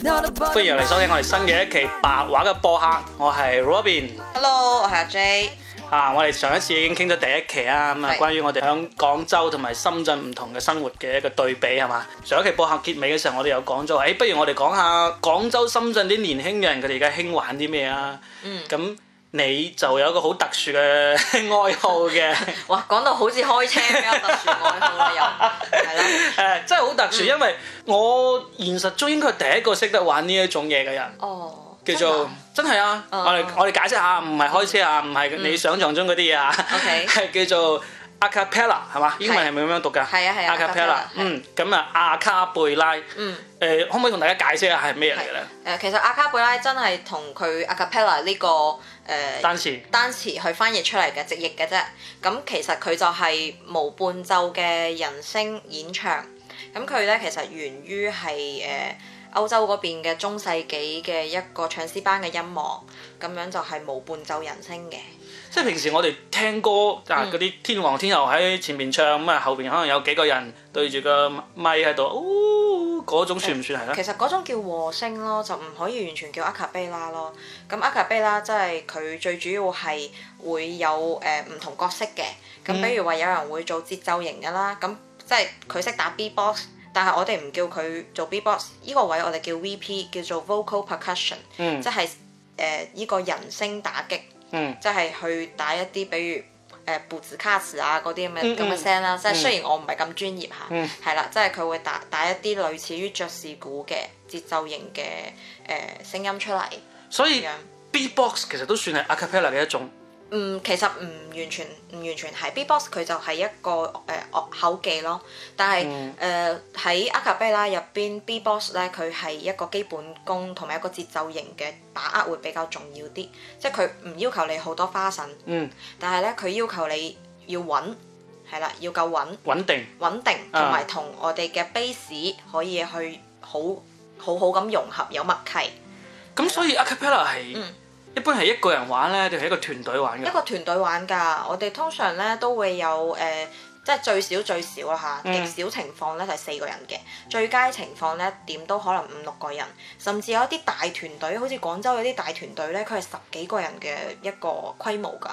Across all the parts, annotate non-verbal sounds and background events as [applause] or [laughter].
歡迎嚟收聽我哋新嘅一期白話嘅播客，我係 Robin，Hello，我係阿 J，啊，我哋上一次已經傾咗第一期啊，咁啊是，關於我哋響廣州同埋深圳唔同嘅生活嘅一個對比係嘛？上一期播客結尾嘅時候，我哋有講咗，誒，不如我哋講下廣州、深圳啲年輕人佢哋而家興玩啲咩啊？咁、嗯。你就有一個好特殊嘅愛好嘅，哇！講到好似開車咁樣特殊愛好又，係啦，真係好特殊，因為我現實中應該係第一個識得玩呢一種嘢嘅人，叫做真係啊！我哋我哋解釋下，唔係開車啊，唔係你想象中嗰啲嘢啊，OK 係叫做 acapella 係嘛？英文係咪咁樣讀㗎？係啊係啊，acapella，嗯，咁啊阿卡貝拉，嗯。誒、呃，可唔可以同大家解釋下係咩嚟嘅咧？誒、呃，其實阿卡貝拉真係同佢 acapella 呢、這個誒單詞單詞去翻譯出嚟嘅直譯嘅啫。咁、嗯、其實佢就係無伴奏嘅人聲演唱。咁佢咧其實源於係誒歐洲嗰邊嘅中世紀嘅一個唱詩班嘅音樂，咁樣就係無伴奏人聲嘅。即係平時我哋聽歌、嗯、啊，嗰啲天王天后喺前面唱，咁啊後邊可能有幾個人對住個咪喺度。哦嗰種算唔算係咧？其實嗰種叫和聲咯，就唔可以完全叫阿卡貝拉咯。咁阿卡貝拉即係佢最主要係會有誒、呃、唔同角色嘅。咁比如話有人會做節奏型嘅啦，咁、嗯、即係佢識打 B box，但係我哋唔叫佢做 B box。呢個位我哋叫 VP，叫做 vocal percussion、嗯、即係誒呢個人聲打擊，嗯、即係去打一啲比如。誒，bass keys 啊嗰啲咁嘅咁嘅聲啦，啊，即係雖然我唔係咁專業嚇，係啦、 [noise] 啊嗯，即係佢會打打一啲類似於爵士鼓嘅節奏型嘅，誒、呃、聲音出嚟，所以 beatbox 其實都算係 acapella 嘅一種。嗯，其實唔完全唔完全係 B-box，佢就係一個誒、呃、口技咯。但係誒喺、嗯呃、acapella 入邊，B-box 咧佢係一個基本功同埋一個節奏型嘅把握會比較重要啲。即係佢唔要求你好多花臣，嗯、但係咧佢要求你要穩，係啦，要夠穩穩定穩定，同埋同我哋嘅 bass 可以去好，好好好咁融合，有默契。咁所以 acapella 係。嗯嗯嗯一般係一個人玩呢，定係一個團隊玩嘅？一個團隊玩㗎，我哋通常呢都會有誒。呃即係最少最少啊，嚇，極少情況咧就係四個人嘅，嗯、最佳情況咧點都可能五六個人，甚至有一啲大團隊，好似廣州有啲大團隊咧，佢係十幾個人嘅一個規模㗎。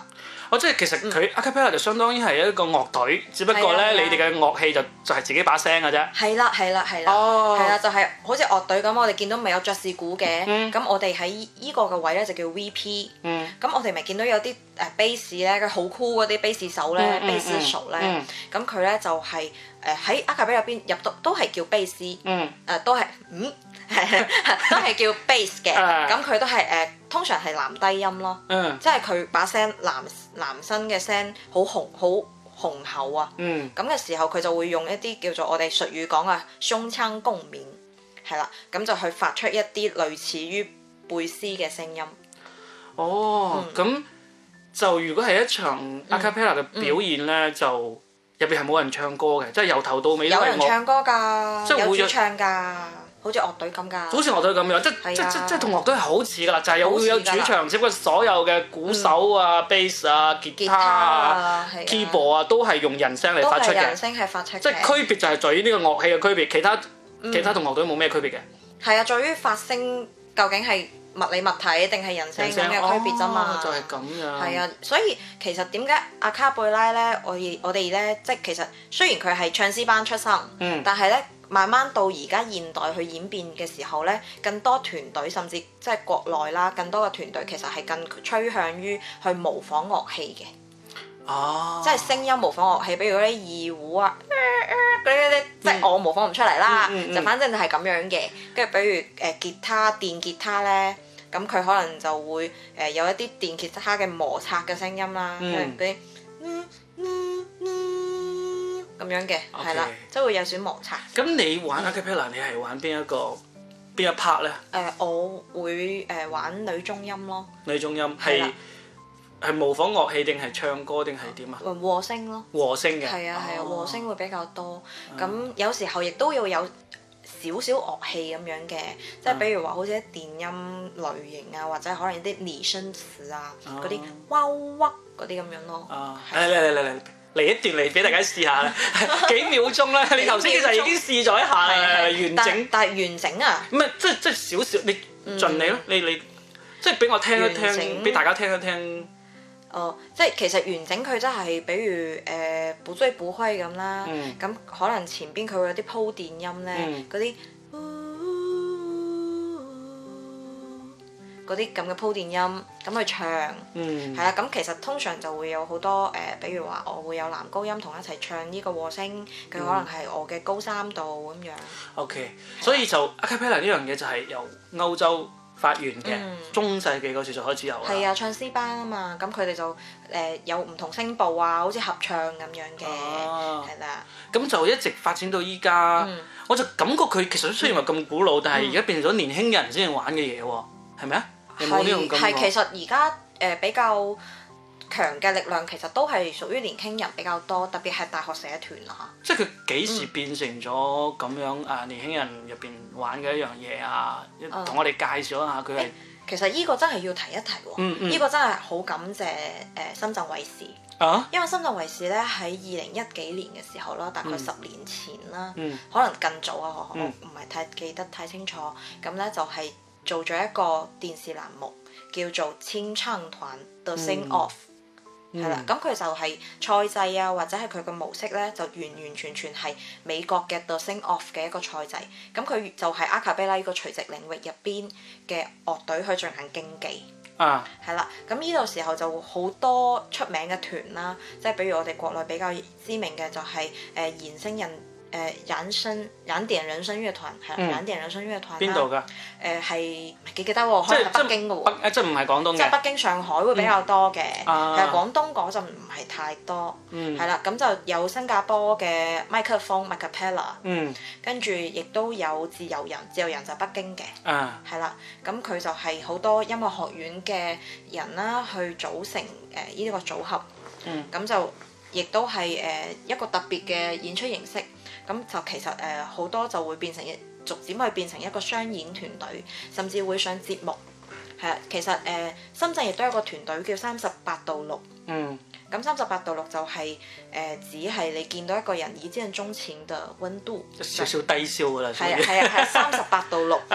哦，即係其實佢 acapella 就相當於係一個樂隊，只不過咧、啊啊、你哋嘅樂器就就係自己把聲㗎啫。係啦、啊，係啦、啊，係啦、啊，係啦、啊哦啊，就係、是、好似樂隊咁，我哋見到咪有爵士鼓嘅，咁、嗯、我哋喺依個嘅位咧就叫 VP。嗯，咁、嗯、我哋咪見到有啲。誒、uh, bass、uh, s 咧、uh, kind of uh，佢好酷嗰啲 bass 手咧 bass 手咧，咁佢咧就係誒喺阿卡比入邊入到都係叫 bass 誒都係嗯，都係叫 bass 嘅，咁佢都係誒通常係男低音咯，即係佢把聲男男聲嘅聲好洪好雄厚啊，咁嘅時候佢就會用一啲叫做我哋粵語講啊，胸腔共鳴，係啦，咁就去發出一啲類似於貝斯嘅聲音。哦，咁。就如果係一場 a cappella 嘅表演咧，就入邊係冇人唱歌嘅，即係由頭到尾，都有人唱歌㗎，有主唱㗎，好似樂隊咁㗎。好似樂隊咁樣，即即即即同樂隊係好似㗎啦，就係有會有主唱，只不過所有嘅鼓手啊、bass 啊、吉他啊、keyboard 啊都係用人聲嚟發出嘅，即係區別就係在於呢個樂器嘅區別，其他其他同樂隊冇咩區別嘅。係啊，在於發聲究竟係物理物體定係人性有咩區別啫嘛？就係、係、啊，所以其實點解阿卡貝拉咧？我我哋咧，即係其實雖然佢係唱詩班出身，嗯、但係咧慢慢到而家現代去演變嘅時候咧，更多團隊甚至即係國內啦，更多嘅團隊其實係更趨向於去模仿樂器嘅。哦！即係聲音模仿樂器，比如嗰啲二胡啊，嗰、呃、啲、呃呃、即係我模仿唔出嚟啦，嗯、就反正就係咁樣嘅。跟住、嗯，嗯、比如誒吉他、電吉他咧。呢呢呢呢咁佢可能就會誒有一啲電吉他嘅摩擦嘅聲音啦、嗯后嗯，嗯、啲、嗯、咁樣嘅，係啦 Okay.，即係會有少摩擦。咁你玩 acapella、嗯、你係玩邊一個邊一 part 咧？誒、呃，我會誒、呃、玩女中音咯。女中音係係的模仿樂器定係唱歌定係點啊？和聲咯。和聲嘅。係啊係啊，oh. 和聲會比較多。咁有時候亦都要有。少少樂器咁樣嘅，即係比如話，好似啲電音類型啊，或者可能啲擬聲詞啊，嗰啲哇哇嗰啲咁樣咯。啊、哦的，嚟嚟嚟嚟嚟，一段嚟俾大家試下啦，幾秒鐘咧？ [laughs] 鐘你頭先其實已經試咗一下啦，完整。但係完整啊？唔係，即係即係少少，你盡力咯、嗯，你你，即係俾我聽一聽，俾完整 大家聽一聽。哦，oh，即係其實完整佢真係，比如誒補、呃、追補虧咁啦，咁、嗯、可能前邊佢會有啲鋪電音咧，嗰啲嗰啲咁嘅鋪電音，咁去唱，係啦、嗯，咁其實通常就會有好多誒、呃，比如話我會有男高音同一齊唱呢個和聲，佢可能係我嘅高三度咁樣。OK，所以就 Acapella 呢樣嘢就係由歐洲。發源嘅、嗯、中世紀嗰時就開始有啦，係啊，唱詩班啊嘛，咁佢哋就誒、呃、有唔同聲部啊，好似合唱咁樣嘅，係啦、哦。咁的就一直發展到依家，嗯、我就感覺佢其實雖然話咁古老，但係而家變成咗年輕人先至玩嘅嘢喎，係咪啊？係、你有冇呢種感覺？係是，其實而家誒比較。強嘅力量其實都係屬於年輕人比較多，特別係大學社團啦。即係佢幾時變成咗咁樣誒、嗯啊、年輕人入邊玩嘅一樣嘢啊？同、嗯、我哋介紹一下佢係、欸、其實呢個真係要提一提喎、哦。呢、嗯嗯、個真係好感謝誒、呃、深圳衞視，啊、因為深圳衞視咧喺二零一幾年嘅時候啦，大概十年前啦，嗯、可能更早啊，我唔係、嗯、太記得太清楚。咁咧就係做咗一個電視欄目叫做《清唱團 The Sing Off》。係啦，咁佢、mm hmm. 就係賽制啊，或者係佢個模式咧，就完完全全係美國嘅 The Sing Off 嘅一個賽制。咁佢就係阿卡貝拉呢個垂直領域入邊嘅樂隊去進行競技。啊、mm，係、hmm. 啦，咁呢個時候就會好多出名嘅團啦，即係比如我哋國內比較知名嘅就係誒現星人。誒，呃、身電人生，兩點人生樂團，係兩點人生樂團啦。邊度㗎？誒係唔係幾記得喎？喺、哦、即北京㗎喎。即係唔係廣東嘅？即係北京、上海會比較多嘅，其實廣東嗰陣唔係太多。嗯。係啦，咁就有新加坡嘅 MICappella，MICappella。跟住亦都有自由人，自由人就係北京嘅。嗯。係啦，咁佢就係好多音樂學院嘅人啦，去組成誒呢個組合。嗯。咁就。嗯亦都係誒一個特別嘅演出形式，咁就其實誒好多就會變成逐漸去變成一個商演團隊，甚至會上節目，係啊，其實誒深圳亦都有個團隊叫三十八度六，6，嗯，咁三十八度六就係、是、誒、呃、只係你見到一個人以接近中淺嘅溫度，嗯就是、少少低，少少低燒㗎啦，係啊係啊係三十八度六，係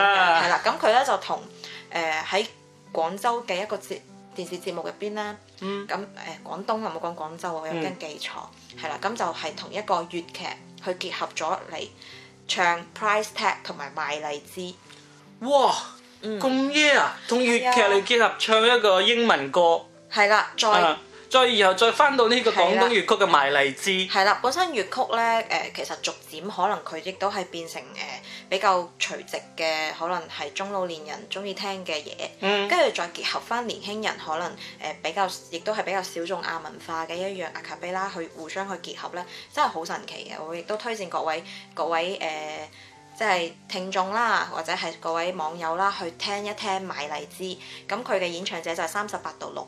啦，咁佢咧就同誒喺廣州嘅一個節電視節目入邊咧，咁誒、嗯嗯、廣東啊冇講廣州啊，我有驚記錯，係啦、嗯，咁就係同一個粵劇佢結合咗嚟唱 Price Tag 同埋賣荔枝，哇，咁耶啊，同粵劇嚟結合唱一個英文歌，係啦，再。啊再然後再翻到呢個廣東粵曲嘅賣荔枝，係啦，本身粵曲咧，誒、呃、其實逐漸可能佢亦都係變成誒、呃、比較垂直嘅，可能係中老年人中意聽嘅嘢，跟住、嗯、再結合翻年輕人可能誒、呃、比較，亦都係比較小眾亞文化嘅一樣阿卡貝拉去互相去結合咧，真係好神奇嘅。我亦都推薦各位各位誒即係聽眾啦，或者係各位網友啦，去聽一聽賣荔枝。咁佢嘅演唱者就係三十八度六。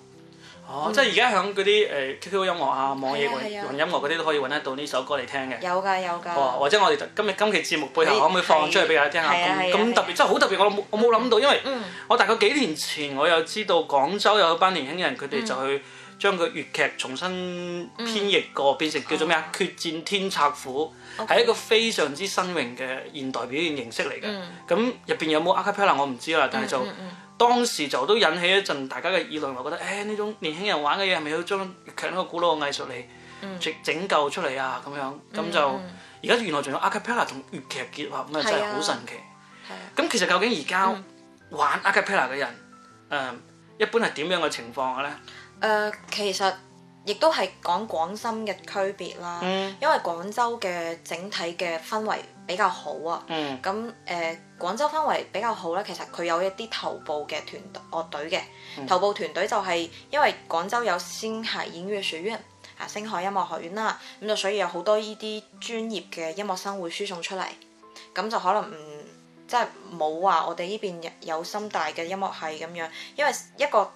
哦，即係而家響嗰啲誒 QQ 音樂啊、網易雲音樂嗰啲都可以揾得到呢首歌嚟聽嘅。有㗎有㗎。或者我哋今日今期節目背後可唔可以放出去俾大家聽下？咁特別，真係好特別。我冇我冇諗到，因為我大概幾年前我有知道廣州有班年輕人佢哋就去將個粵劇重新編譯過，變成叫做咩啊《決戰天策府》，係一個非常之新穎嘅現代表演形式嚟嘅。咁入邊有冇 acapella 我唔知啦，但係就。當時就都引起一陣大家嘅議論，話覺得誒呢、哎、種年輕人玩嘅嘢係咪要將粵劇個古老嘅藝術嚟拯救出嚟啊？咁樣咁、嗯、就而家原來仲有阿卡貝拉同粵劇結合，咁啊真係好神奇。咁、嗯、其實究竟而家玩阿卡貝拉嘅人、呃、一般係點樣嘅情況嘅咧？其實亦都係講廣深嘅區別啦。嗯、因為廣州嘅整體嘅氛圍，比較好啊，咁誒、嗯呃、廣州氛圍比較好咧。其實佢有一啲頭部嘅團樂隊嘅，嗯、頭部團隊就係因為廣州有先係音樂學院啊，星海音樂學院啦，咁就所以有好多呢啲專業嘅音樂生會輸送出嚟，咁就可能唔即係冇話我哋呢邊有深大嘅音樂系咁樣，因為一個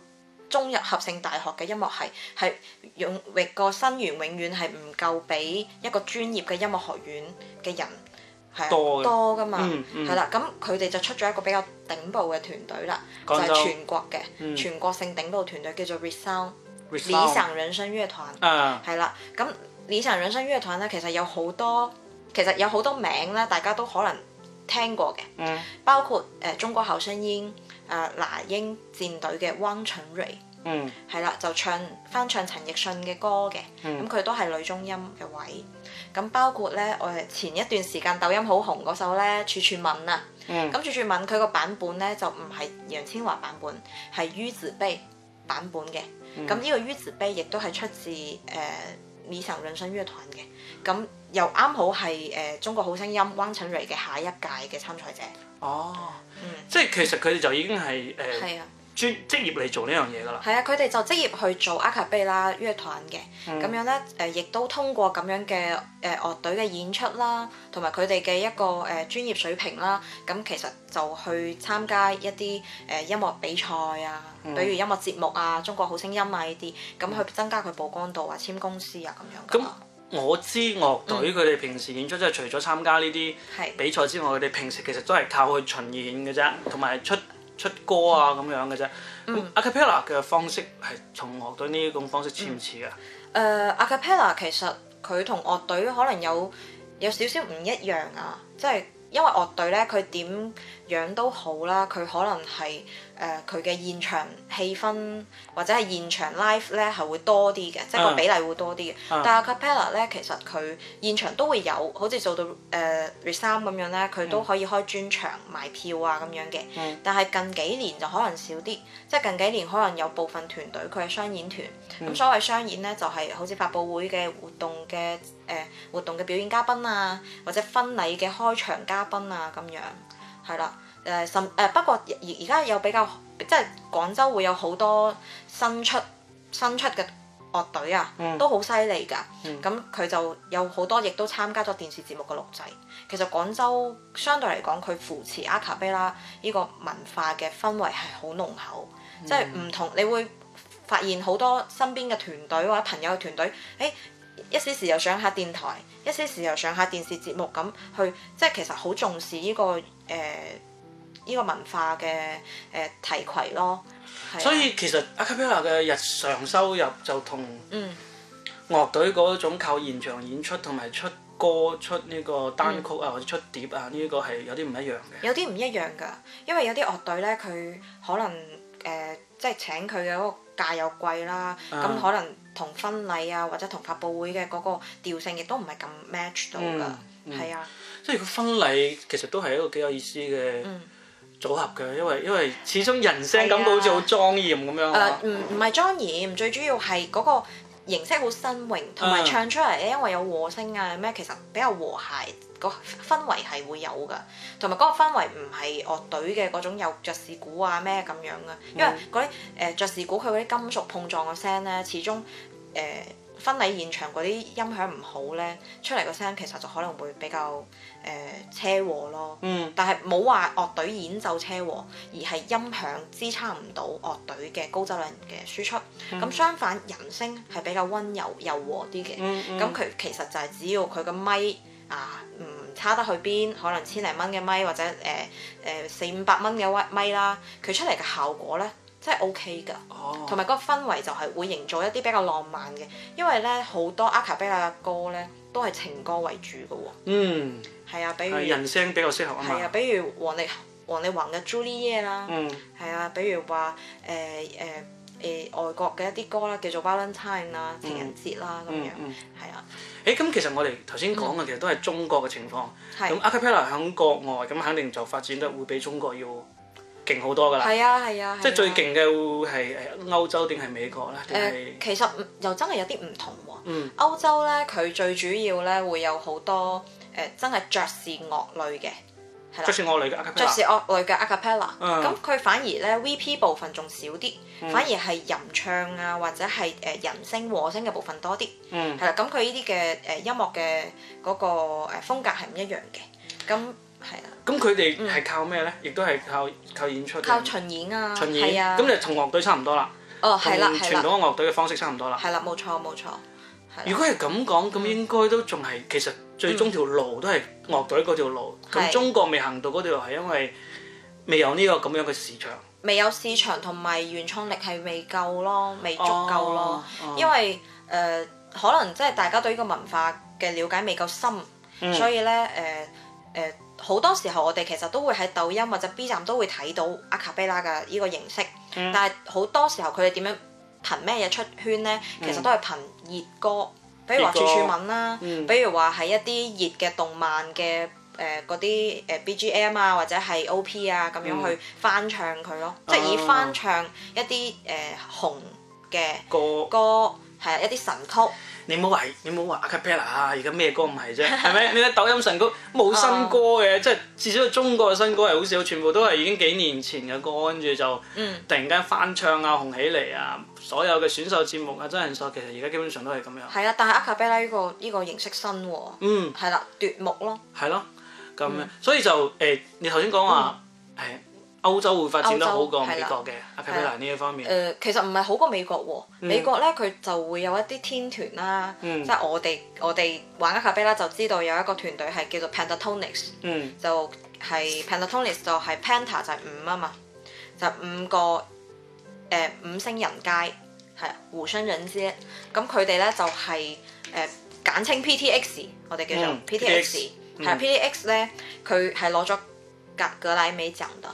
中日合成大學嘅音樂系係永域個生源永遠係唔夠俾一個專業嘅音樂學院嘅人，多多噶嘛，係啦、嗯，咁佢哋就出咗一個比較頂部嘅團隊啦，話就係全國嘅、嗯、全國性頂部團隊叫做 Resound res ound 理想人生樂團，係啦、啊，咁理想人生樂團咧其實有好多其實有好多名咧，大家都可能聽過嘅，嗯、包括誒、呃、中國好聲音、誒、呃、那英戰隊嘅汪晨蕊，係啦、嗯，就唱翻唱陳奕迅嘅歌嘅，咁佢、嗯嗯、都係女中音嘅位。咁包括咧，我係前一段時間抖音好紅嗰首咧《處處吻》啊，咁、嗯《處處吻》佢個版本咧就唔係楊千嬅版本，係於子峯版本嘅。咁呢、嗯這個於子峯亦都係出自誒李翔潤新樂團嘅，咁、呃、又啱好係誒、呃《中國好聲音》汪晨瑞嘅下一屆嘅參賽者。哦，嗯、即係其實佢哋就已經係誒。係、呃、啊。專職業嚟做呢樣嘢㗎啦，係啊，佢哋就職業去做 acapella 樂團嘅，咁、嗯、樣咧，誒，亦都通過咁樣嘅誒樂隊嘅演出啦，同埋佢哋嘅一個誒專業水平啦，咁其實就去參加一啲誒音樂比賽啊，嗯、比如音樂節目啊，中國好聲音啊呢啲，咁去增加佢曝光度啊，簽公司啊咁樣。咁、嗯、我知樂隊佢哋平時演出即係、嗯、除咗參加呢啲比賽之外，佢哋對平時其實都係靠去巡演嘅啫，同埋出。出歌啊咁樣嘅啫，阿、嗯、a cappella 嘅方式係、嗯、從樂隊呢種方式似唔似啊？誒、嗯 uh，a cappella 其實佢同樂隊可能有有少少唔一樣啊，即係因為樂隊咧，佢點樣，樣都好啦，佢可能係。誒佢嘅現場氣氛或者係現場 live 咧係會多啲嘅，嗯、即係個比例會多啲嘅。嗯、但係 Capella 咧，其實佢現場都會有，好似做到誒 re 三咁樣咧，佢、嗯、都可以開專場賣票啊咁樣嘅。嗯、但係近幾年就可能少啲，即係近幾年可能有部分團隊佢係商演團。咁、嗯、所謂商演咧，就係、是、好似發布會嘅活動嘅誒、呃、活動嘅表演嘉賓啊，或者婚禮嘅開場嘉賓啊咁樣，係啦。誒、呃，甚誒不過而而家有比較，即係廣州會有好多新出新出嘅樂隊啊，嗯、都好犀利㗎。咁佢、嗯、就有好多，亦都參加咗電視節目嘅錄製。其實廣州相對嚟講，佢扶持阿卡貝拉呢個文化嘅氛圍係好濃厚，即係唔同。你會發現好多身邊嘅團隊或者朋友嘅團隊，誒、欸、一時時又上下電台，一時時又上下電視節目，咁去即係其實好重視呢、這個誒。呃呢個文化嘅誒提攜咯，啊、所以其實阿卡 a p 嘅日常收入就同樂隊嗰種靠現場演出同埋出歌出呢個單曲啊、嗯、或者出碟啊呢、這個係有啲唔一樣嘅。有啲唔一樣㗎，因為有啲樂隊呢，佢可能誒、呃、即係請佢嘅嗰個價又貴啦，咁可能同婚禮啊或者同發佈會嘅嗰個調性亦都唔係咁 match 到㗎，係、嗯嗯、啊。即係佢婚禮其實都係一個幾有意思嘅。嗯組合嘅，因為因為始終人聲感覺好似好莊嚴咁樣。誒、啊，唔唔係莊嚴，最主要係嗰個形式好新穎，同埋唱出嚟咧，因為有和聲啊咩，其實比較和諧，個氛圍係會有噶，同埋嗰個氛圍唔係樂隊嘅嗰種有爵士鼓啊咩咁樣啊，因為嗰啲誒爵士鼓佢嗰啲金屬碰撞嘅聲咧，始終誒。呃婚禮現場嗰啲音響唔好咧，出嚟個聲其實就可能會比較誒車禍咯。嗯、但係冇話樂隊演奏車禍，而係音響支撐唔到樂隊嘅高質量嘅輸出。咁、嗯、相反，人聲係比較溫柔柔和啲嘅。咁佢、嗯嗯、其實就係只要佢個咪啊唔差得去邊，可能千零蚊嘅咪，或者誒誒、呃呃、四五百蚊嘅咪，咪啦，佢出嚟嘅效果咧，真係 OK 㗎，同埋個氛圍就係會營造一啲比較浪漫嘅。因為咧好多 acapella 嘅歌咧都係情歌為主嘅喎。嗯，係啊，比如係人聲比較適合啊嘛。係啊，比如王力王力宏嘅 Julie Ye 啦，係啊，比如話誒誒誒外國嘅一啲歌啦，叫做 Valentine 啦，情人節啦咁樣，係啊。誒，咁其實我哋頭先講嘅其實都係中國嘅情況，咁 acapella 喺國外咁肯定就發展得會比中國要。勁好多噶啦！係啊係啊，即係最勁嘅會係誒歐洲定係美國咧？誒其實又真係有啲唔同喎。歐洲咧，佢最主要咧會有好多誒真係爵士樂類嘅，係啦。爵士樂類嘅。爵士樂類嘅 a cappella。咁佢反而咧，VP 部分仲少啲，反而係吟唱啊或者係誒人聲和聲嘅部分多啲。嗯。係啦，咁佢呢啲嘅誒音樂嘅嗰個誒風格係唔一樣嘅。咁。係啊，咁佢哋係靠咩咧？亦都係靠靠演出，靠巡演啊，巡演啊，咁就同樂隊差唔多啦。哦，係啦，係啦，同傳統嘅樂隊嘅方式差唔多啦。係啦，冇錯冇錯。如果係咁講，咁應該都仲係其實最終條路都係樂隊嗰條路。咁中國未行到嗰條路係因為未有呢個咁樣嘅市場，未有市場同埋原創力係未夠咯，未足夠咯。因為誒可能即係大家對呢個文化嘅了解未夠深，所以咧誒誒。好多時候我哋其實都會喺抖音或者 B 站都會睇到阿卡貝拉嘅呢個形式，嗯、但係好多時候佢哋點樣憑咩嘢出圈呢？嗯、其實都係憑熱歌，比如話「處處吻」啦，嗯、比如話喺一啲熱嘅動漫嘅誒嗰、呃、啲誒 BGM 啊或者係 OP 啊咁樣去翻唱佢咯，嗯、即係以翻唱一啲誒、呃、紅嘅歌歌。係啊一啲神曲，你唔好話你唔好話阿卡貝拉啊！而家咩歌唔係啫，係咪？你睇 [laughs] 抖音神曲冇新歌嘅，uh, 即係至少中國嘅新歌係好少，全部都係已經幾年前嘅歌，跟住就突然間翻唱啊紅起嚟啊！所有嘅選秀節目啊真人秀，其實而家基本上都係咁樣。係啊，但係阿卡貝拉呢個呢個形式新喎，嗯，係啦，奪目咯，係咯，咁樣，所以就誒、欸，你頭先講話係。嗯歐洲會發展得、啊、好過美國嘅阿卡貝拉呢一方面。誒、嗯，其實唔係好過美國喎。美國咧佢就會有一啲天團啦、啊，嗯、即係我哋我哋玩阿卡貝拉，就知道有一個團隊係叫做 Pentatonix、嗯、 就係 Pentatonix 就係 Penta 就係五啊嘛，就是、五個誒、呃、五星人街係互相引資，咁佢哋咧就係、是、誒、呃、簡稱 PTX，我哋叫做 PTX，係 PTX 咧佢係攞咗格格萊美獎嘅。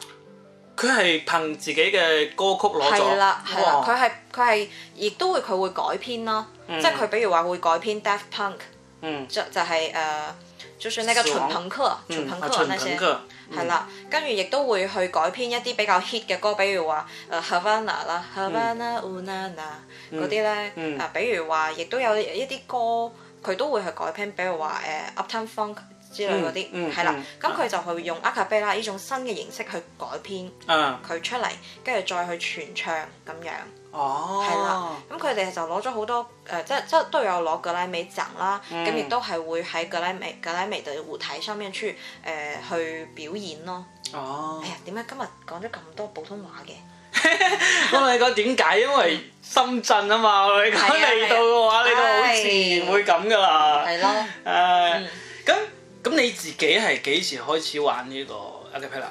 佢係憑自己嘅歌曲攞咗，係啦，係啦，佢係佢係亦都會佢會改編咯，嗯、即係佢比如話會改編 Daft Punk，嗯就，就就係、係、uh, 就算呢、那個純朋克、純朋克那些，係啦、嗯啊嗯，跟住亦都會去改編一啲比較 hit 嘅歌，比如話誒 Havana 啦、Havana Oana 嗰啲咧，啊，嗯、比如話亦都有一啲歌佢都會去改編，比如話誒 Uptown Funk。之類嗰啲，係啦，咁佢就去用阿卡貝拉呢種新嘅形式去改編佢 [noise] 出嚟，跟住再去傳唱咁樣、哦，係、呃、啦。咁佢哋就攞咗好多誒，即、就、即、是、都有攞格拉美獎啦、嗯。咁亦都係會喺格拉美格拉美嘅舞台上面出，誒去表演咯、哎。哦，哎呀，點解今日講咗咁多普通話嘅？我問你講點解？因為深圳啊嘛，你講嚟到嘅話，你都、哎、好似會咁㗎啦。係 [noise] 咯，誒。 [noise] [noise] [noise] [noise] [noise] [noise] 咁你自己係幾時開始玩呢個阿卡貝拉啦？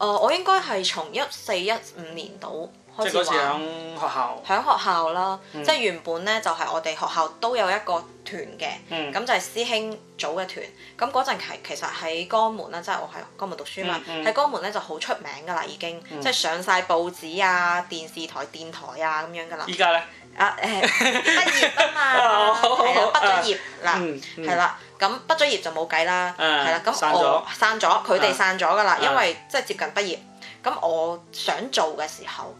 誒，我應該係從一四一五年度開始玩。即喺學校，喺學校啦。即係原本咧，就係我哋學校都有一個團嘅。嗯。咁就係師兄組嘅團。咁嗰陣其實喺江門啦，即係我喺江門讀書嘛。喺江門咧就好出名噶啦，已經即係上晒報紙啊、電視台、電台啊咁樣噶啦。依家咧？啊誒，畢業啊嘛，好，好畢咗業嗱，係啦。咁畢咗業就冇計啦，係啦、嗯，咁我散咗了，佢哋散咗噶啦，嗯、因為即係接近畢業。咁我想做嘅時候，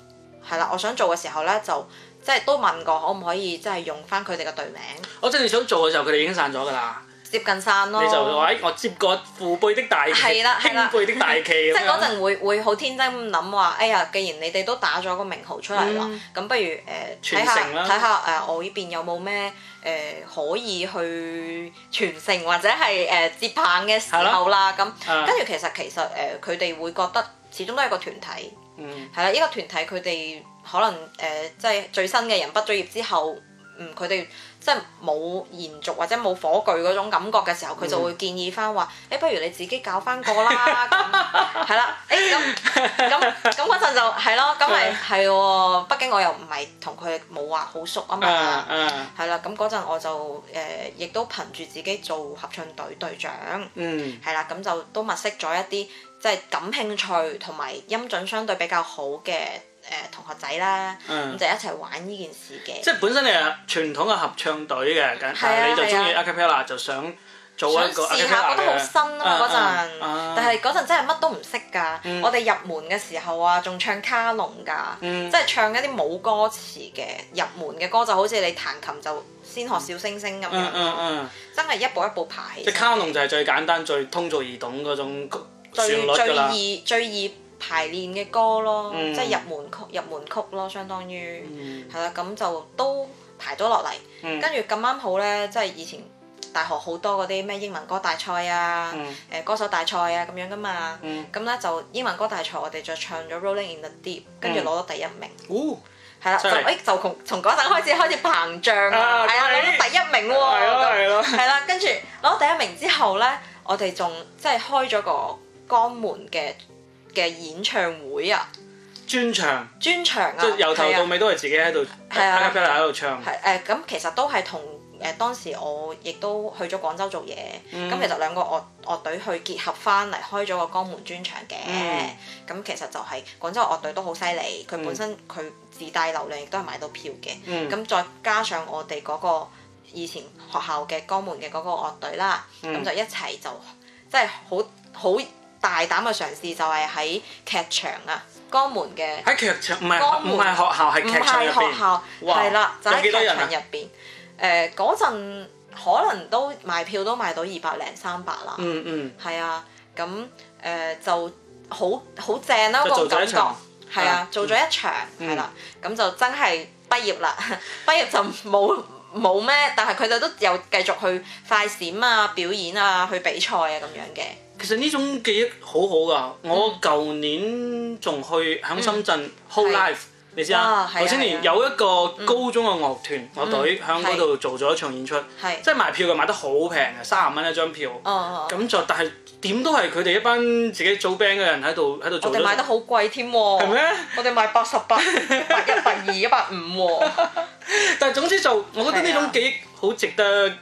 係啦，我想做嘅時候咧，就即係都問過可唔可以即係用返佢哋嘅隊名。我真係想做嘅時候，佢哋已經散咗噶啦。接近山咯，你就話：哎，我接過父輩的大旗，係啦，兄輩的大旗。即係嗰陣會會好天真咁諗話，哎呀，既然你哋都打咗個名號出嚟啦，咁、嗯、不如誒睇下睇下誒我呢邊有冇咩誒可以去傳承或者係誒、呃、接棒嘅時候啦咁。跟住其實其實誒佢哋會覺得始終都係個團體，係啦，呢個團體佢哋可能誒、呃呃、即係最新嘅人畢咗業之後。嗯，佢哋即係冇延續或者冇火炬嗰種感覺嘅時候，佢就會建議翻話：誒、嗯欸，不如你自己搞翻個啦，係啦， [laughs] 誒咁咁咁嗰陣就係咯，咁咪係喎。畢竟我又唔係同佢冇話好熟啊嘛，係啦、啊，咁嗰陣我就誒、呃、亦都憑住自己做合唱隊隊長，係啦、嗯，咁就都物識咗一啲即係感興趣同埋音準相對比較好嘅。誒同學仔啦，咁就一齊玩呢件事嘅。即係本身你係傳統嘅合唱隊嘅，咁但係你就中意 acapella，就想做一嗰個 acapella 啦。試下覺得好新啊嘛嗰陣，但係嗰陣真係乜都唔識㗎。我哋入門嘅時候啊，仲唱卡農㗎，即係唱一啲冇歌詞嘅入門嘅歌，就好似你彈琴就先學小星星咁樣。真係一步一步爬起，即卡農就係最簡單、最通俗易懂嗰種旋律㗎啦。最易、最易。排練嘅歌咯，即係入門曲、入門曲咯，相當於係啦，咁就都排咗落嚟。跟住咁啱好咧，即係以前大學好多嗰啲咩英文歌大賽啊，誒歌手大賽啊咁樣噶嘛。咁咧就英文歌大賽，我哋就唱咗 Rolling in the Deep，跟住攞咗第一名。哦，係啦，就誒就從從嗰陣開始開始膨脹，係啊攞咗第一名喎，係咯係咯，係啦。跟住攞第一名之後咧，我哋仲即係開咗個幹門嘅。嘅演唱會啊，專場專場啊，即由頭到尾都係自己喺度，係啊，喺度唱。係誒，咁其實都係同誒當時我亦都去咗廣州做嘢，咁其實兩個樂樂隊去結合翻嚟開咗個江門專場嘅。咁其實就係廣州樂隊都好犀利，佢本身佢自帶流量亦都係買到票嘅。咁再加上我哋嗰個以前學校嘅江門嘅嗰個樂隊啦，咁就一齊就即係好好。大膽嘅嘗試就係喺劇場啊，江門嘅喺劇場，唔係唔係學校，係劇場入邊。學校哇！有幾多人？係啦，就喺、是、劇場入邊。誒嗰陣可能都賣票都賣到二百零三百啦。嗯嗯。係啊，咁誒、呃、就好好正咯，個、啊、感覺。就做咗一場。係啊，做咗一場，係啦、嗯，咁、啊、就真係畢業啦。畢業就冇冇咩，但係佢哋都有繼續去快閃啊、表演啊、去比賽啊咁、啊、樣嘅。其實呢種記憶好好噶，我舊年仲去喺深圳 Hold Life，你知啦，頭先年有一個高中嘅樂團樂隊喺嗰度做咗一場演出，即係賣票嘅賣得好平嘅，三十蚊一張票，咁就但係點都係佢哋一班自己組 band 嘅人喺度喺度做。我哋賣得好貴添喎，我哋賣八十八、八一、八二、一百五，但係總之就，我覺得呢種記憶好值得。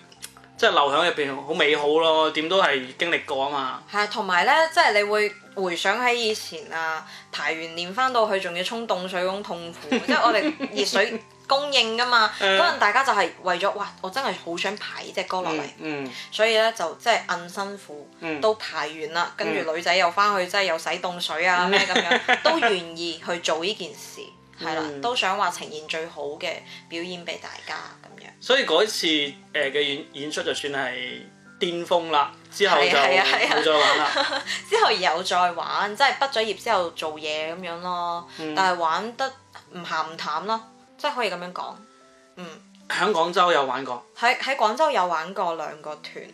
即係流喺入邊好美好咯，點都係經歷過啊嘛。係啊，同埋咧，即係你會回想起以前啊，排完練翻到去仲要沖凍水嗰種痛苦， [laughs] 即係我哋熱水供應噶嘛， [laughs] 可能大家就係為咗哇，我真係好想排呢隻歌落嚟，嗯嗯、所以咧就即係硬辛苦，都排完啦。跟住、嗯、女仔又翻去，即係又洗凍水啊咩咁樣，都願意去做呢件事。係啦，都想話呈現最好嘅表演俾大家咁樣。所以嗰次誒嘅演演出就算係巔峰啦，之後就冇再玩啦。 [laughs] 之後又再玩，即係畢咗業之後做嘢咁樣咯。嗯、但係玩得唔鹹唔淡咯，即係可以咁樣講。嗯，喺廣州有玩過。喺喺廣州有玩過兩個團，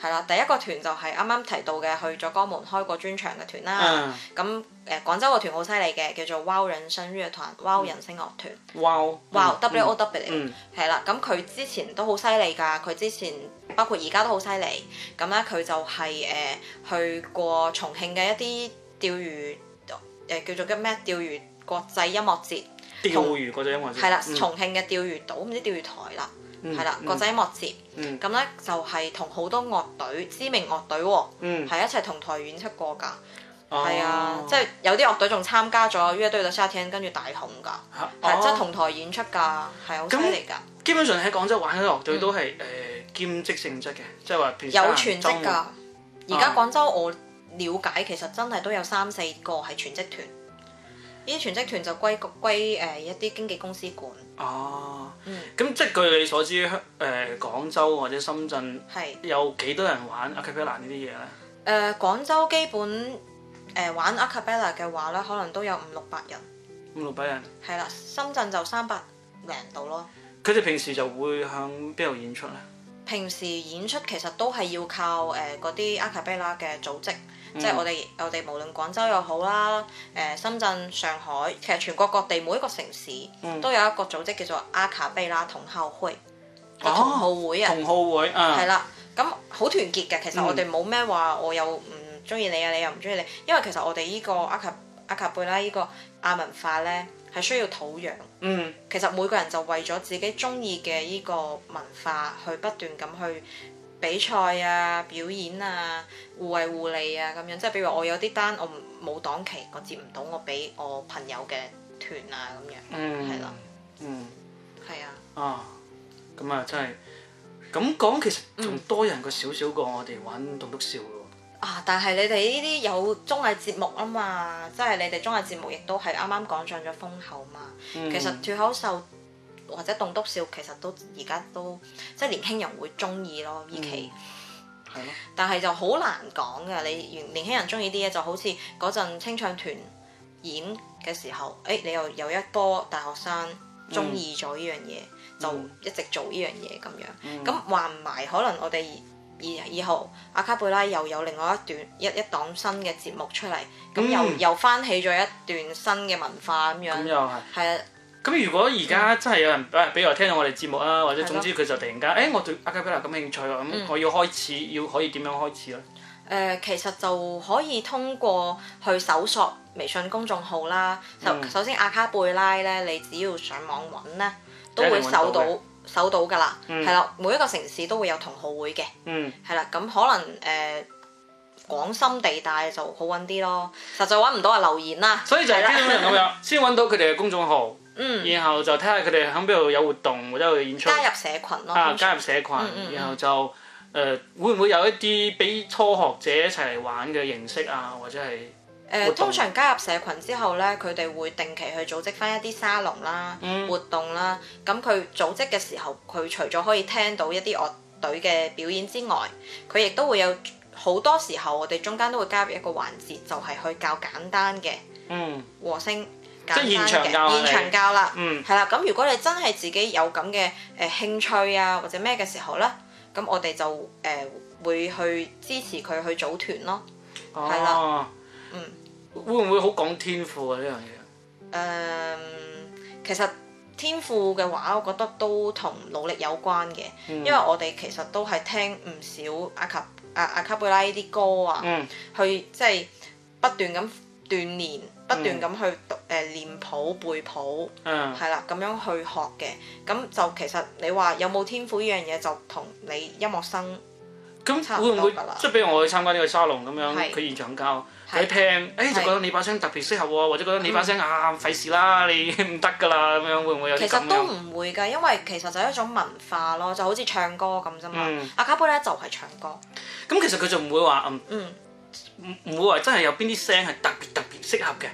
係啦，第一個團就係啱啱提到嘅去咗江門開過專場嘅團啦。咁、嗯。誒廣州個團好犀利嘅，叫做 Wow 人生樂團，Wow 人生樂團，Wow，Wow，W O W 嚟，嗯，係啦，咁佢之前都好犀利㗎，佢之前包括而家都好犀利，咁咧佢就係誒去過重慶嘅一啲釣魚，誒叫做叫咩釣魚國際音樂節，釣魚國際音樂節，係啦，重慶嘅釣魚島唔知釣魚台啦，係啦，國際音樂節，咁咧就係同好多樂隊，知名樂隊喎，嗯，係一齊同台演出過㗎。係、oh. 啊，即、就、係、是、有啲樂隊仲參加咗 U One t 天跟住大紅噶，但係即係同台演出噶，係好犀利噶。基本上喺廣州玩樂隊都係誒、mm. 呃、兼職性質嘅，即係話有全職㗎。而家、啊、廣州我了解其實真係都有三四個係全職團，呢啲全職團就歸個歸一啲經紀公司管。哦，咁即係據你所知香誒、呃、廣州或者深圳有幾多人玩 acapella 呢啲嘢咧？誒是、呃、廣州基本。誒，玩阿卡貝拉嘅話咧，可能都有五六百人。五六百人。係啦，深圳就三百零度咯。佢哋平時就會向邊度演出咧？平時演出其實都係要靠誒嗰啲阿卡貝拉嘅組織，嗯、即係我哋我哋無論廣州又好啦，誒、呃、深圳、上海，其實全國各地每一個城市都有一個組織叫做阿卡貝拉同校會。嗯、同號會啊、哦！同校會啊！係、嗯、啦，咁好團結嘅。其實我哋冇咩話，我有。中意你啊，你又唔中意你，因為其實我哋呢個阿卡阿卡貝拉呢個亞文化呢，係需要土壤。嗯，其實每個人就為咗自己中意嘅依個文化，去不斷咁去比賽啊、表演啊、互惠互利啊咁樣。即係比如我有啲單，我冇檔期，我接唔到，我俾我朋友嘅團啊咁樣。嗯，係咯，嗯，係啊。哦，咁啊，真係咁講，其實仲多人過少少過我哋玩棟篤笑。啊！但係你哋呢啲有綜藝節目啊嘛，即係你哋綜藝節目亦都係啱啱趕上咗風口嘛。嗯、其實脫口秀或者棟篤笑其實都而家都即係年輕人會中意咯，呢期。嗯、但係就好難講㗎，你年年輕人中意啲嘢，就好似嗰陣清唱團演嘅時候，誒、哎、你又有一波大學生中意咗呢樣嘢，嗯、就一直做呢樣嘢咁樣。咁話唔埋，可能我哋。二二號，阿卡貝拉又有另外一段一一檔新嘅節目出嚟，咁、嗯、又又翻起咗一段新嘅文化咁、嗯、樣，係啊、嗯。咁是如果而家真係有人，嗯、比如話聽到我哋節目啊，或者總之佢就突然間，誒，我對阿卡貝拉咁興趣喎，咁、嗯、我要開始要可以點樣開始咧？誒、呃，其實就可以通過去搜索微信公眾號啦。就首先、嗯、首先阿卡貝拉咧，你只要上網揾呢，都會搜到。搜到㗎啦，係啦、嗯，每一個城市都會有同好會嘅，係啦、嗯，咁可能誒廣、呃、深地帶就好揾啲咯，實在揾唔到啊留言啦，所以就係咁樣先揾到佢哋嘅公眾號，嗯，然後就睇下佢哋喺邊度有活動或者去演出，加入社群咯，啊、加入社群，嗯、然後就誒、呃、會唔會有一啲俾初學者一齊嚟玩嘅形式啊，或者係。誒通常加入社群之後咧，佢哋會定期去組織翻一啲沙龍啦、嗯、活動啦。咁佢組織嘅時候，佢除咗可以聽到一啲樂隊嘅表演之外，佢亦都會有好多時候，我哋中間都會加入一個環節，就係、是、去教簡單嘅和聲，嗯、簡單即係現場教、啊，現場教、嗯、啦。嗯，係啦。咁如果你真係自己有咁嘅誒興趣啊，或者咩嘅時候咧，咁我哋就誒、呃、會去支持佢去組團咯，係、哦、啦。嗯，會唔會好講天賦啊？呢樣嘢誒，其實天賦嘅話，我覺得都同努力有關嘅，因為我哋其實都係聽唔少阿卡阿阿卡貝拉呢啲歌啊，去即係不斷咁鍛鍊，不斷咁去誒練譜背譜，係啦，咁樣去學嘅。咁就其實你話有冇天賦呢樣嘢，就同你音樂生咁會唔會即係比如我去參加呢個沙龍咁樣，佢現場教。一聽，誒就覺得你把聲特別適合喎，或者覺得你把聲啊費事啦，你唔得㗎啦咁樣，會唔會有啲？其實都唔會㗎，因為其實就係一種文化咯，就好似唱歌咁啫嘛。阿卡貝拉就係唱歌。咁其實佢就唔會話唔唔會話真係有邊啲聲係特別特別適合嘅，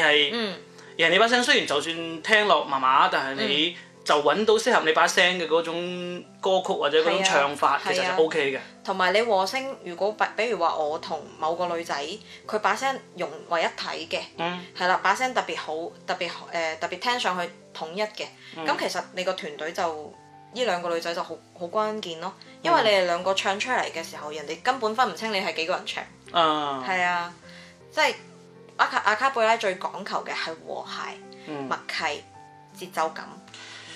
而係而係你把聲雖然就算聽落麻麻，但係你就揾到適合你把聲嘅嗰種歌曲或者嗰種唱法，其實就 OK 嘅。同埋你和聲，如果比如話我同某個女仔，佢把聲融為一體嘅，係啦、嗯，把聲特別好，特別誒、呃、特別聽上去統一嘅。咁、嗯、其實你個團隊就呢兩個女仔就好好關鍵咯，因為你哋兩個唱出嚟嘅時候，人哋根本分唔清你係幾個人唱。係啊、嗯，即係阿卡阿卡貝拉最講求嘅係和諧、嗯、默契、節奏感。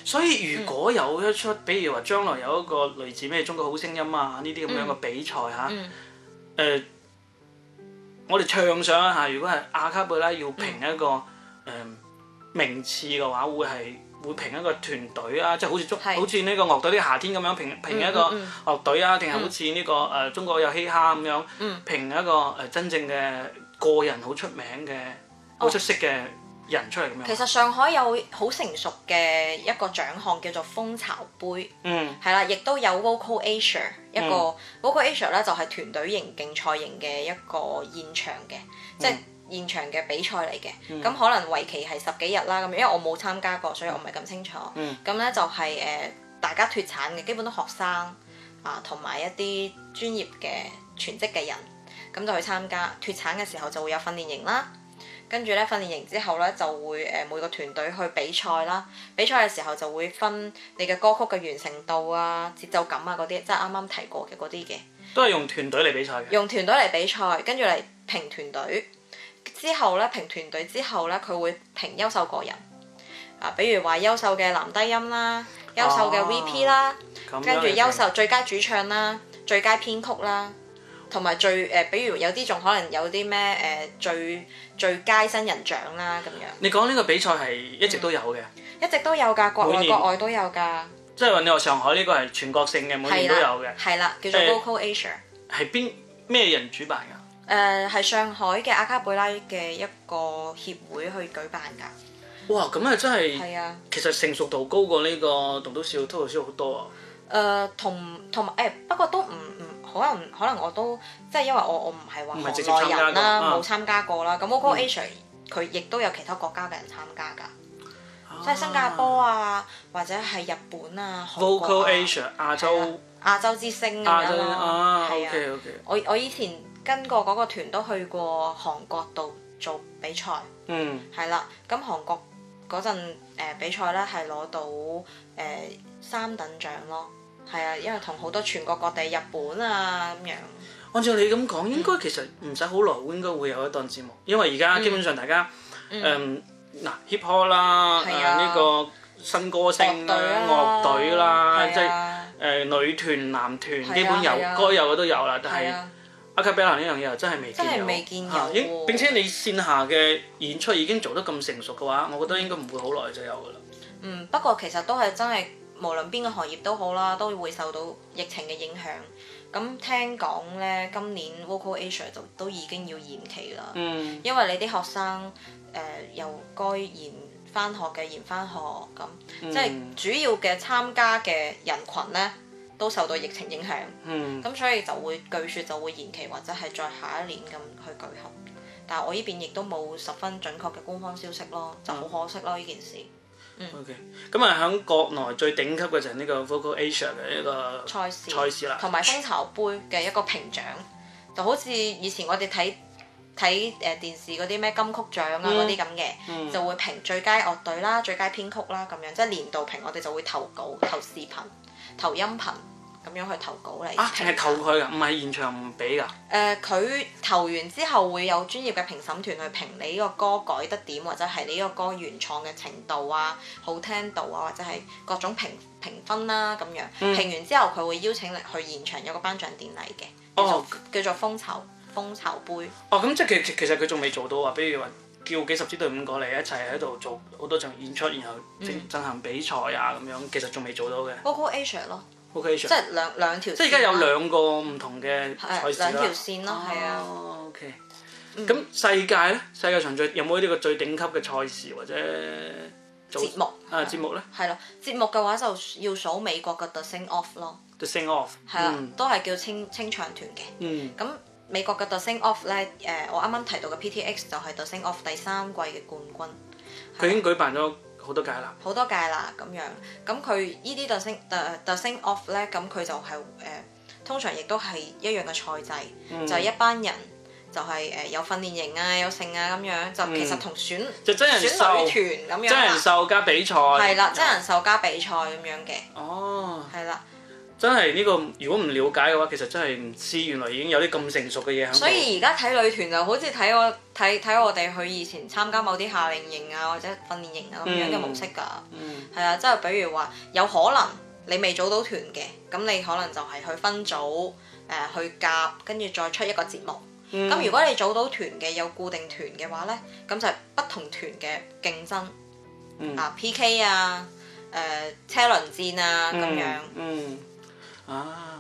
所以如果有一出，比如話將來有一個類似咩《中國好聲音》啊呢啲咁樣嘅比賽啊，誒、嗯呃，我哋暢想一下。如果係阿卡貝拉要評一個誒、嗯呃、名次嘅話，會係會評一個團隊啊，即係好似是好似呢個樂隊《啲、這個、夏天》咁樣評評一個樂隊啊，定係好似呢、這個誒、嗯呃《中國有嘻哈》咁樣評一個誒真正嘅個人好出名嘅、好、哦、出色嘅。人出嚟，其實上海有好成熟嘅一個獎項叫做蜂巢杯，係啦、嗯，亦都有 Vocal Asia 一個，嗰個、嗯、Asia 咧就係團隊型競賽型嘅一個現場嘅，嗯、即係現場嘅比賽嚟嘅。咁、嗯、可能為期係十幾日啦，咁因為我冇參加過，所以我唔係咁清楚。咁咧、嗯、就係誒，大家脫產嘅，基本都學生啊，同埋一啲專業嘅全職嘅人，咁就去參加脫產嘅時候就會有訓練營啦。跟住咧，訓練營之後咧，就會誒、呃、每個團隊去比賽啦。比賽嘅時候就會分你嘅歌曲嘅完成度啊、節奏感啊嗰啲，即係啱啱提過嘅嗰啲嘅。都係用團隊嚟比賽嘅。用團隊嚟比賽，跟住嚟評團隊。之後咧，評團隊之後咧，佢會評優秀個人。啊，比如話優秀嘅男低音啦，優秀嘅 VP 啦，啊、跟住優秀最佳主唱啦，最佳編曲啦。同埋最誒、呃，比如有啲仲可能有啲咩誒最最佳新人獎啦咁樣。你講呢個比賽係一直都有嘅、嗯，一直都有㗎，國外年國外都有㗎。即係話你話上海呢個係全國性嘅，每年都有嘅。係啦,叫做 Vocal Asia。係邊咩人主辦㗎？誒係、呃、上海嘅阿卡貝拉嘅一個協會去舉辦㗎。哇！咁啊真係，嗯、其實成熟度高過呢、這個《棟篤笑》笑《脱口秀》好多啊。誒，同同埋誒、欸，不過都唔唔。可能可能我都即係因為我我唔係話行內人啦，冇參加過啦。咁 Vocal Asia 佢亦都有其他國家嘅人參加噶，即係新加坡啊，或者係日本啊。Vocal Asia 亞洲亞洲之星啊，係啊，我我以前跟過嗰個團都去過韓國度做比賽，嗯，係啦。咁韓國嗰陣，誒比賽咧係攞到誒三等獎咯。係啊，因為同好多全國各地、日本啊咁樣。按照你咁講，應該其實唔使好耐，應該會有一檔節目，因為而家基本上大家，誒，嗱，hip hop 啦，呢個新歌星、樂隊啦，即係誒女團、男團，基本有該有嘅都有啦。但係，阿卡貝拉呢樣嘢又真係未見。真係未見有。並且你線下嘅演出已經做得咁成熟嘅話，我覺得應該唔會好耐就有㗎啦。嗯，不過其實都係真係。無論邊個行業都好啦，都會受到疫情嘅影響。咁聽講咧，今年 Vocal Asia 就都已經要延期啦，嗯、因為你啲學生誒又、呃、該延返學嘅延返學，咁即係主要嘅參加嘅人群咧都受到疫情影響。咁、嗯、所以就會據説就會延期或者係再下一年咁去舉行，但係我呢邊亦都冇十分準確嘅官方消息咯，就好可惜咯呢、嗯、件事。嗯，OK，咁啊喺國內最頂級嘅就係呢個 Vocal Asia 嘅一個賽事，賽事啦，同埋星巢杯嘅一個評獎，就好似以前我哋睇睇誒電視嗰啲咩金曲獎啊嗰啲咁嘅，就會評最佳樂隊啦、最佳編曲啦咁樣，即係年度評，我哋就會投稿、投視頻、投音頻。咁樣去投稿嚟啊！係投佢噶，唔係現場唔俾噶。誒、呃，佢投完之後會有專業嘅評審團去評你呢個歌改得點，或者係你呢個歌原創嘅程度啊、好聽度啊，或者係各種評評分啦、啊、咁樣。嗯、評完之後佢會邀請你去現場有個頒獎典禮嘅、哦哦。哦，叫做蜂巢蜂巢杯。哦，咁即係其其實佢仲未做到啊！比如話叫幾十支隊伍過嚟一齊喺度做好多場演出，然後進行比賽啊咁樣，嗯、其實仲未做到嘅。Global Asia 咯。即係兩兩條，即係而家有兩個唔同嘅賽事啦。兩條線咯，係啊。OK，咁世界咧，世界上最有冇呢個最頂級嘅賽事或者節目啊節的目咧？係咯，節目嘅話就要數美國嘅 The Sing-Off 咯。The Sing-Off 係啊，都係叫清清唱團嘅。嗯。咁美國嘅 The Sing-Off 咧，誒，我啱啱提到嘅 PTX 就係 The Sing-Off 第三季嘅冠軍，佢已經舉辦咗。好多屆啦，好多屆啦咁樣，咁佢呢啲 The Sing、The、The Sing-Off 咧，咁佢就係、是、誒、呃，通常亦都係一樣嘅賽制，嗯、就係一班人，就係、是、誒有訓練營啊，有剩啊咁樣，就其實同選，嗯、就真人秀，選女團真人秀加比賽，係啦樣，真人秀加比賽咁樣嘅，哦，係啦。真係呢、這個如果唔了解嘅話，其實真係唔知原來已經有啲咁成熟嘅嘢喺度。所以而家睇女團就好似睇我睇睇我哋去以前參加某啲夏令營啊或者訓練營啊咁、嗯、樣嘅模式㗎。係啊、嗯，即係比如話有可能你未組到團嘅，咁你可能就係去分組誒、呃、去夾，跟住再出一個節目。咁、嗯、如果你組到團嘅有固定團嘅話呢，咁就係不同團嘅競爭，嗱 PK、嗯、啊，誒、呃、車輪戰啊咁樣。嗯嗯。啊，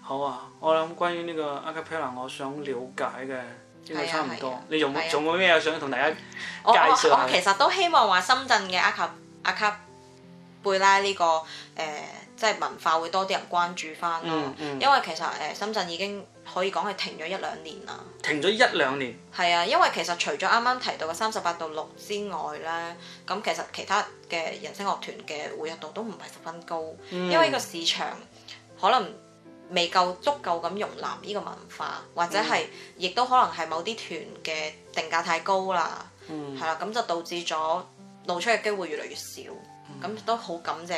好啊！我諗關於呢個阿卡貝拉，我想了解嘅應該差唔多。啊啊、你仲冇仲冇咩想同大家介紹我我其實都希望話深圳嘅阿卡阿卡貝拉呢、這個誒，即、呃、係、就是、文化會多啲人關注翻咯。嗯嗯、因為其實誒、呃、深圳已經可以講係停咗一兩年啦。停咗一兩年，係啊，因為其實除咗啱啱提到嘅三十八度六之外呢，咁其實其他嘅人聲樂團嘅活躍度都唔係十分高，嗯、因為呢個市場。可能未夠足夠咁容納呢個文化，或者係亦、嗯、都可能係某啲團嘅定價太高啦，係啦、嗯，咁就導致咗露出嘅機會越嚟越少，咁、嗯、都好感謝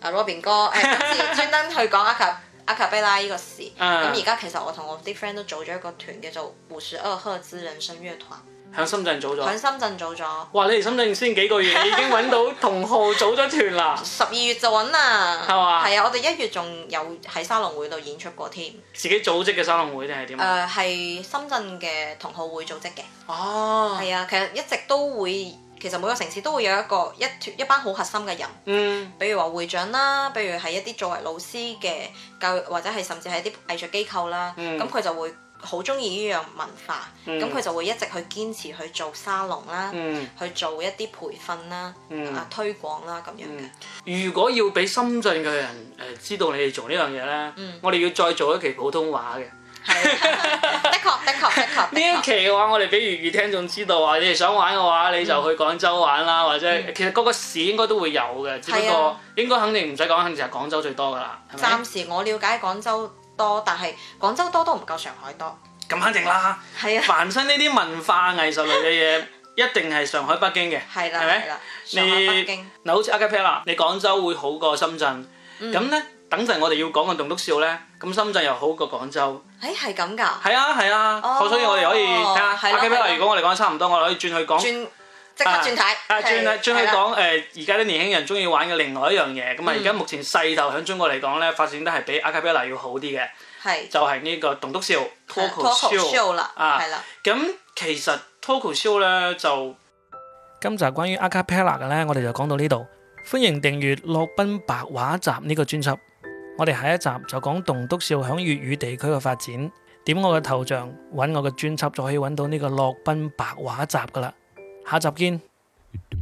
阿、呃、Robin 哥誒、欸，今次 [laughs] 專登去講阿卡阿卡貝拉呢個事，咁而家其實我同我啲 friend 都組咗一個團，叫做五十二赫茲人生樂團。喺深圳組咗，喺深圳組咗。哇！你嚟深圳先幾個月，已經揾到同學組咗團啦。十二 [laughs] 月就揾啦。係嘛吧？係啊，我哋一月仲有喺沙龍會度演出過添。自己組織嘅沙龍會定係點啊？誒、呃，係深圳嘅同學會組織嘅。哦。係啊，其實一直都會，其實每個城市都會有一個一一班好核心嘅人。嗯。比如話會長啦，比如係一啲作為老師嘅教育，或者係甚至係一啲藝術機構啦。嗯。咁佢就會。好中意呢樣文化，咁佢、嗯、就會一直去堅持去做沙龍啦，嗯、去做一啲培訓啦，嗯、啊推廣啦咁樣嘅。如果要俾深圳嘅人誒知道你哋做呢樣嘢呢，嗯、我哋要再做一期普通話嘅的。 [laughs] 係，的確的確的確。呢一期嘅話，我哋俾粵語聽眾知道話，你哋想玩嘅話，你就去廣州玩啦，嗯、或者、嗯、其實各個市應該都會有嘅，只不過應該肯定唔使講，肯定係廣州最多噶啦。暫時我了解廣州。多，但係廣州多都唔夠上海多。咁肯定啦，係啊，凡出呢啲文化藝術類嘅嘢，一定係上海北京嘅，係啦，係啦。你嗱好似阿 KPL 啦，你廣州會好過深圳，咁呢，等陣我哋要講嘅棟篤笑呢。咁深圳又好過廣州。誒，係咁㗎。係啊，係啊，所以我哋可以睇下，係 KPL。如果我哋講得差唔多，我哋可以轉去講。即刻轉睇啊！轉啦，轉啦，講誒而家啲年輕人中意玩嘅另外一樣嘢咁啊！而家目前勢頭喺中國嚟講咧，發展得係比阿卡貝拉要好啲嘅，係就係呢個棟篤笑 talk show 啦，係啦。咁其實 talk show 咧就今集關於阿卡貝拉嘅咧，我哋就講到呢度。歡迎訂閱《樂賓白話集》呢個專輯，我哋下一集就講棟篤笑喺粵語地區嘅發展。點我嘅頭像揾我嘅專輯，就可以揾到呢個《樂賓白話集》噶啦。下集見。